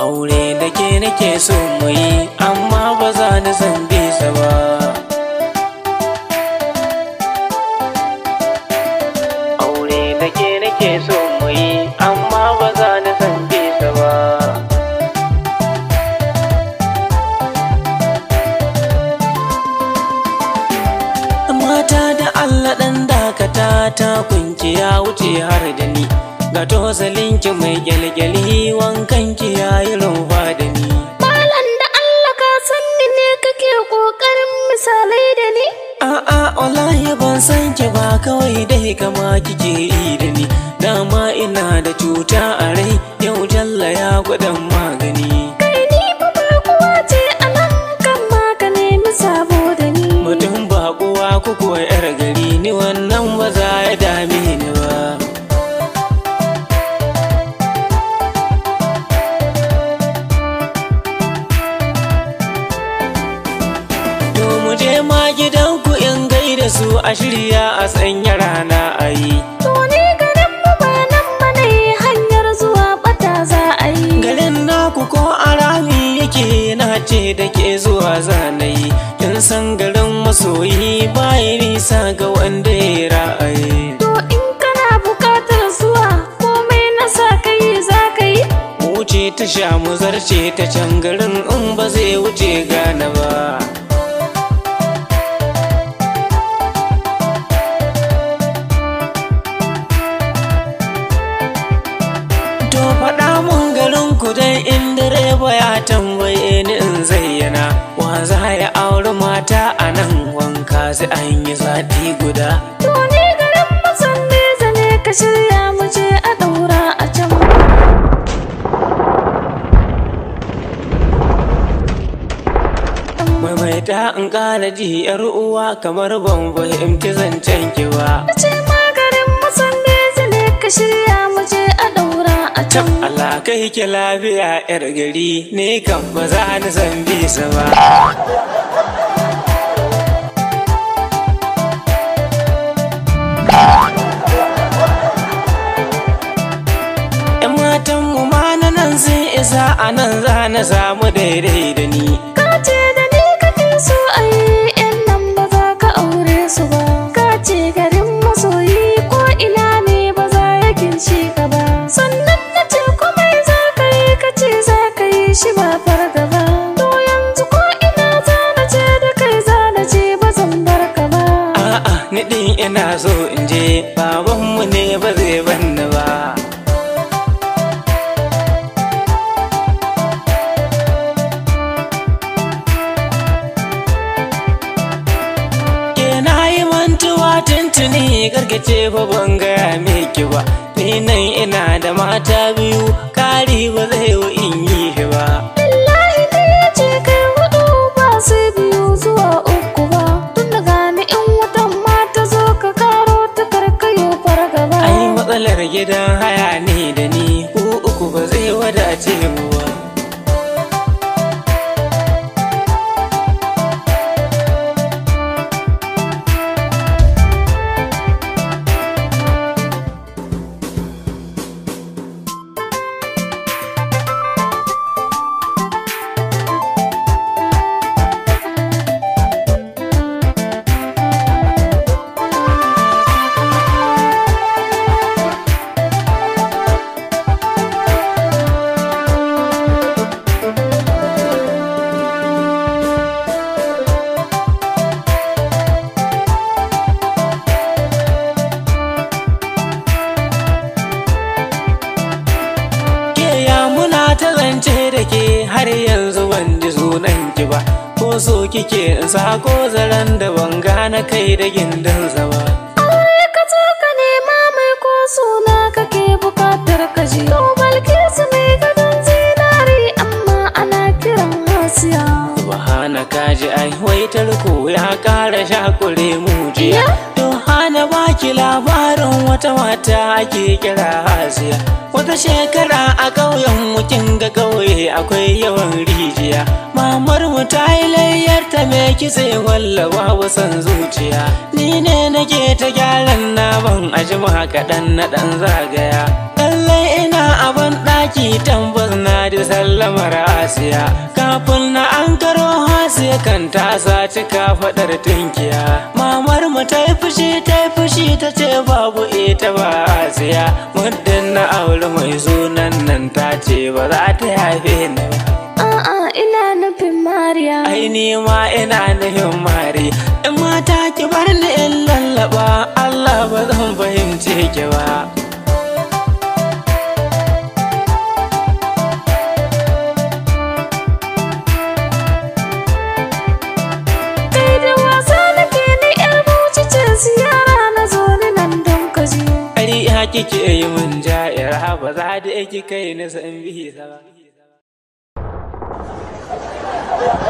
aure da ke nake so mu yi ta kunci ya wuce har da ni ga tozalinki mai gyalgyali wankanki ya yi rumfa da ni malam da Allah ka san ni ne kake kokarin misalai da ni a'a wallahi ban san ki ba kawai dai kama kike yi da ni dama ina da cuta a rai yau jalla ya gwada magani kai ni ce anan ni mutum bakuwa kuwa yar gari ni wannan a shirya a sanya rana a yi tuni garin mu ba hanyar zuwa bata za a yi garin naku ko rami yake na ce da ke zuwa zanayi kin san garin masoyi bayi nisa ga wanda ya ra'ayi to in kana bukatar zuwa komai na sa ka yi za ka yi wuce ta sha mu zarce ta can garin in ba zai wuce gane ba baba ya tambaye ni in zayyana wa za ya auri mata a nan wanka sai an yi zaɓi guda. To ni garin musamman zane ka shirya mu je a ɗaura a can. Maimaita in ƙara ji 'yar uwa kamar ban fahimci zancen ki ba. A kai ki lafiya yar gari ne kan ba za ni san sa ba ‘Yan matan mu ma na nan sun isa a nan za na samu daidai da ni. fargaba to yanzu ko ina zana ce da kai zana ce ba zan barka ba a'a ni din ina so in je babanmu ne ba zai banni ba tuntuni gargace fa ban gaya miki ba ni nan ina da mata biyu kari ba zai yanzu ban ji sunan ki ba ko so kike in Ko zaren da ban na kai da gindin zama ai ka zo ka nema mai ko suna kake bukatar ka ji to ne gadon zinari amma ana kiran hasiya subhana kaji ai wai tarko ya kara shakure mujiya to hana baki labarin wata mata ake kira hasiya Wata shekara a ƙauyen mutum ga ƙauye akwai yawan rijiya. Mamar mu ta yi layyar ta me kitse wallawa wasan zuciya. Ni ne nake ta gyaran na ban ajima kaɗan na ɗan zagaya. Lallai ina abin ɗaki tambas na da sallamar asiya. Kafin na an karo hasi kan ta saci faɗar tunkiya. Mamar mu ta yi fushi ta yi fushi ta ce babu ita ba asiya. Muddin na auri mai sunan nan ta ce ba za ta haife ni a'a ina nufin mariya ai ni ma ina nufin mari in mata ki bar ni in lallaba Allah ba zan fahimce ki ba kike yi mun ja'ir ba za da yake kai na san bihi ba.